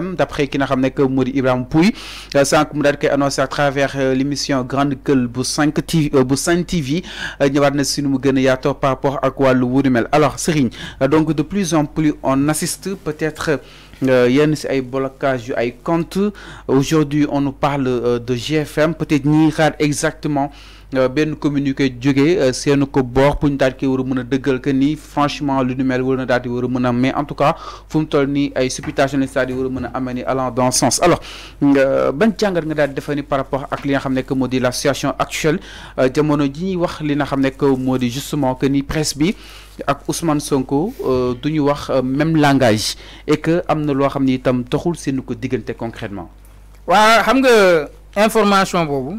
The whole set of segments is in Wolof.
d'après qui n'a ramené que mourir Pouy euh, sànq mu annoncé à travers euh, l'émission grande gueule bu 5 TV euh, bu y TV un na si de mu rapport à quoi par rapport à quoi wu mel alors Serigne donc de plus en plus on assiste peut-être yenn a ay blocage yu compte aujourd'hui on nous parle de GFM peut-être ñiy exactement euh, ben communiqué jógee euh, seen ko bor pour ñu daal di war a mën ni franchement lu nu mel war na daal di war mais en tout cas fum tol ni ay supputation lañ daal di war a mën allant dans sens alors ban jàngat nga daal defani par rapport ak li nga xamné que la situation actuelle euh, jamono ji ñuy wax li nga xamné ne que justement que ni presse bi ak Ousmane Sonko duñu wax même langage et que amna lo loo tam taxul itam ko diggante concrètement. wa xam nga information bobu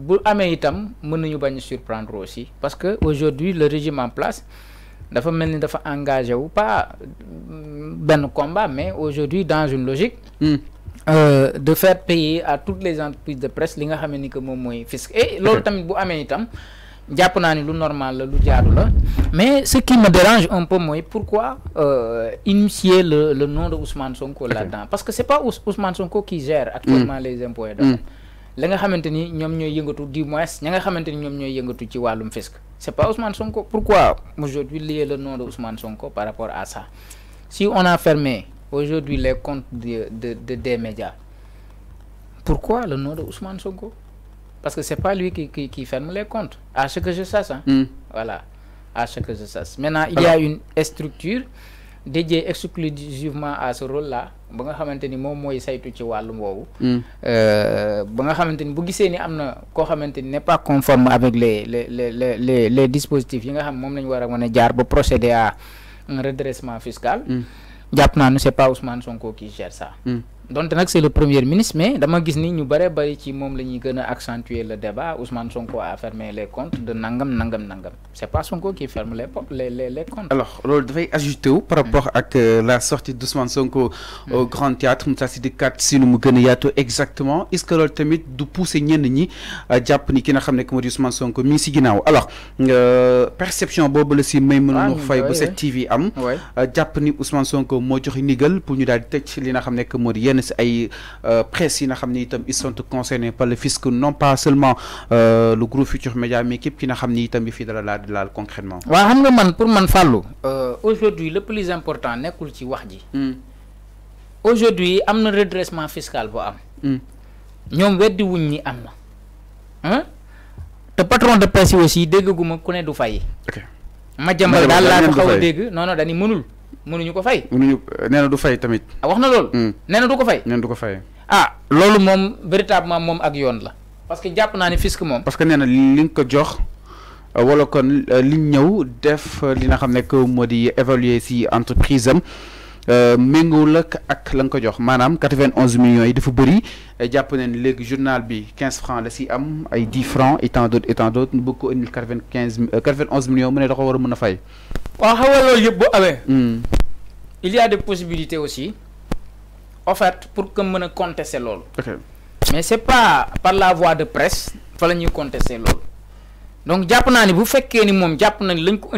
bu amee itam mën nañu bañ surprendre aussi parce que aujourd'hui le régime en place dafa mel dafa engagé pas pas mm, un combat mais aujourd'hui dans une logique hmm. euh, de faire payer à toutes les entreprises de presse li nga xam ni que fisc et l'autre tamit bu normal mais ce qui me dérange un peu moi, pourquoi euh, initier le nom de Ousmane Sonko là-dedans parce que ce n'est pas Ousmane Sonko qui gère hmm. actuellement les impôts et la nga xamanteni ñom ñoy yëngatu moins nga xamanteni ñom ñoy yëngatu ci walum fisc c'est pas Ousmane Sonko pourquoi aujourd'hui lier le nom de Ousmane Sonko par rapport à ça si on a fermé aujourd'hui les comptes de, de, de des médias pourquoi le nom de Ousmane Sonko parce que c'est pas lui qui, qui, ferme les comptes, à ce que je sache. Hein. Hmm. Voilà, à ce que je sache. Maintenant, il y a une structure dédié exclusivement à ce rôle là ba nga xamanteni mom moy saytu ci wàllum hmm. euh ba nga xamanteni bu gisé ni amna ko xamanteni n'est pas conforme avec les les les les les dispositifs yi nga xam mom la wara mëna jaar ba procéder à un redressement fiscal. Hmm. jàpp na c'est pas Ousmane Sonko qui gère ça. Hmm donte nak c'est le premier ministre mais dama gis ni ñu bare bari ci mom lañuy gëna accentuer le débat Ousmane Sonko a fermé les comptes de nangam nangam nangam c'est pas Sonko qui ferme les les les les comptes. alors loolu dafay ajouté wu par rapport mm. ak euh, la sortie d'Ousmane Sonko au mm. Grand Théâtre Moussa Sidiki si mu gëna exactement est-ce que loolu tamit du pousser ñenn ñi euh, japp ni ki nga xam ne Ousmane Sonko mi si Alors, alors euh, perception bobu la si may mënoon fay bu set TV am jàpp ni Ousmane Sonko pour ñu dal di li nga xam ne na ay euh, presse yi n'a xam ne itam ils sont concernés par le fisc non pas seulement euh, le groupe Future Media mais képp ki n'a xam ne itam bi fii dara laa di laal concrètement Wa xam nga man pour man fàllu euh, aujourd'hui le plus important nekkul ci wax ji hmm. aujourd'hui am redressement fiscal bu am hmm. ñoom weddi wuñ ñi am na hein? te patron de presse yi aussi déggaguma ku ne du Ok. ma jàmbal daal laa ko xaw a dégg non non dañu mënul mënuñu ko fay. mënuñu néna du fay tamit. Ah, wax na loolu. Mm. nee du ko fay. nee du ko fay. ah loolu moom véritablement moom ak yoon la. parce que jàpp naa ni fisc moom. parce que néna na li nga ko jox. Euh, wala kon euh, li ñëw def euh, li nga xam ne moo di évaluer si entreprise am méngóol ak la nga ko jox maanaam 91 millions yi dafa bëri jàpp neen léegi journal bi 15 francs la si am ay 10 francs et tant d'autres et tant d'autres bëgg ko indil quatre vingt millions mu ne da ko war a mën a fay. waaw xam nga loolu yëpp boo amee. Mm il y a des possibilités aussi offertes pour que mën a contester loolu. mais c'est pas par la voie de presse fallait la contester loolu. donc jàpp naa ni bu fekkee ni moom jàpp na ni lañ ko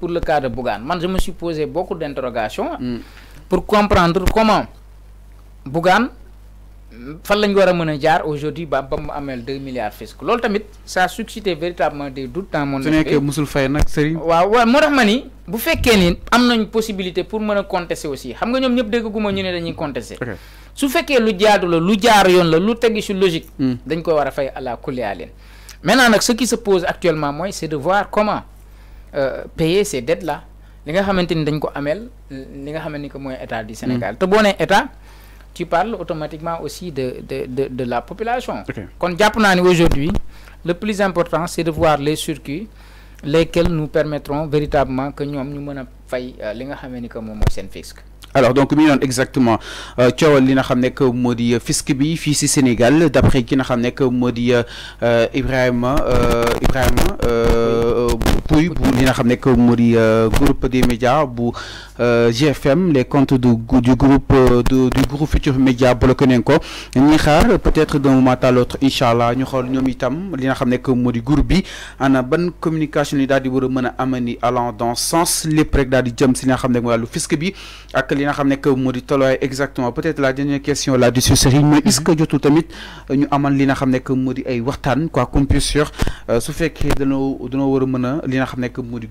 pour le cas de Bougane man je me suis posé beaucoup d'interrogations. Hmm. pour comprendre comment Bougan? fan lañ war a mën a jaar aujourd'hui ba ba mu ameel milliards fisc loolu tamit ça a suscité véritablement des doutes dans mon. su nekkee musul fay nag Serigne. waaw waaw moo tax ma ni bu fekkee ni am nañ possibilité pour mën a contester aussi xam nga ñoom ñëpp dégguma ñu ne dañuy contester. su fekkee lu jaadu la lu jaar yoon la lu tegi si logique. Hmm. dañ ko war a fay à la kuleyaaleen. maintenant nag ce qui se pose actuellement mooy c'est de voir comment euh, payer ces dettes là li nga xamante ni dañ ko amel li nga xamante ni que mooy état du Sénégal hmm. te boo nee état tu parles automatiquement aussi de, de, de, de la population. Quand okay. aujourd'hui, le plus important, c'est de voir les circuits lesquels nous permettront véritablement que nous puissions faire ce que nous fisc. alors donc million exactement tu euh, as nga que que moo fils euh, fisc bi Sénégal d'après ki nga que nekk moo vraiment euh, Ibrahim, recueil bu li nga euh, groupe des médias bu euh, GFM les comptes du du groupe euh, du groupe Futurs Médias bloqué ko ñi xaar peut-être d'un moment à l'autre inshallah allah ñu xool ñoom itam li nga xam que modi groupe bi ana ban communication li dal di war a amani allant dans sens les rek dal di jëm si nga xam nekk mooy fisc bi ak li nga xam que modi di exactement peut-être la dernière question là dessus Serigne mais est-ce que jotul tamit ñu amal li nga xam que modi ay waxtan quoi comme sur su fekkee danoo danoo war a mën a xam que mu di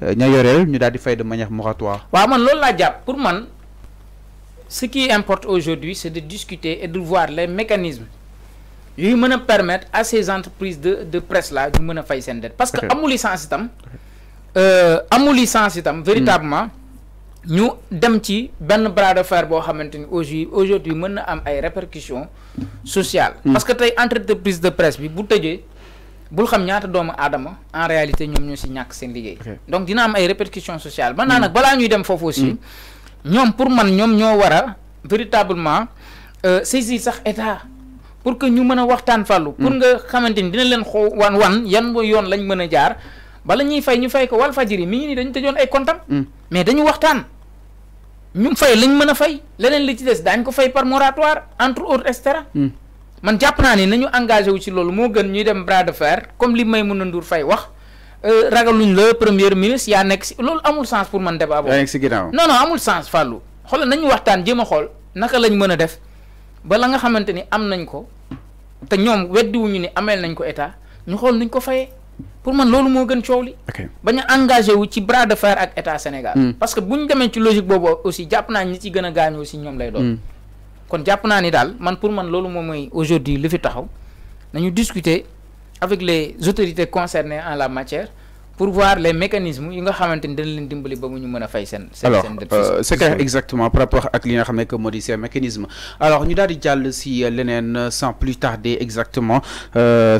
euh, ña yoreel ñu daldi fay de manière moratoire. wa man loolu la japp pour man ce qui importe aujourd'hui c'est de discuter et de voir les mécanismes yi mëna permettre à ces entreprises de de presse là ñu mëna fay sen dette. parce que amul licence itam euh, amul licence itam. véritablement hmm. ñu dem ci ben bras de fer bo xamanteni aujourd'hui aujourd'hui mëna am ay répercussions sociales. Hmm. parce que tay entreprise de presse bi bu tëjee bul xam ñaata doomu aadama en réalité ñoom ñoo si ñàkk seen liggéey. donc dina am ay répercussions sociales. ba naa hmm. nag balaa ñuy dem foofu aussi. Hmm. ñoom pour man ñoom ñoo war a véritablement euh, saisir sax état pour que ñu mën a waxtaan fàllu. pour hmm. nga xamante ni dina leen xow wan wan yan mooy yoon lañ mën a jaar bala ñuy fay ñu fay ko wal Walfadjri mi ngi nii dañu tëjoon ay kontam. mais dañu waxtaan. ñu fay lañ mën a fay leneen li ci des dañ ko fay par moratoire entre autres et cetera. man jàpp naa ne nañu engagé wu ci loolu moo gën ñuy dem bras de fair comme li may na Ndour fay wax euh, ragaluñ la premier ministre yaa nekk si loolu amul sens pour man débat boobu. yaa nekk amul sens Fallou xool nañu waxtaan jéem xool naka lañ mën a def bala nga xamante ni am nañ ko te ñoom weddiwuñu ni amee nañ ko état ñu xool nuñ ko fayee pour man loolu moo gën coow li. ba a engagé wu ci bras de fer ak état Sénégal. Mm. parce que bu ñu demee ci boobu aussi jàpp naa ñi ci gën a gaañoo si ñoom lay doon. Mm. kon jàpp naa ni daal man pour man loolu moom mooy aujourd'hui li fi taxaw nañu discuter avec les autorités concernées en la matière pour voir les mécanismes yi nga xamante ni dina leen dimbali ba ñu mën fay seen. alors euh, c'est clair exactement par rapport ak li nga xam ne que moo di seen mécanisme alors ñu daal di jàll si leneen sans plus tarder exactement. Euh,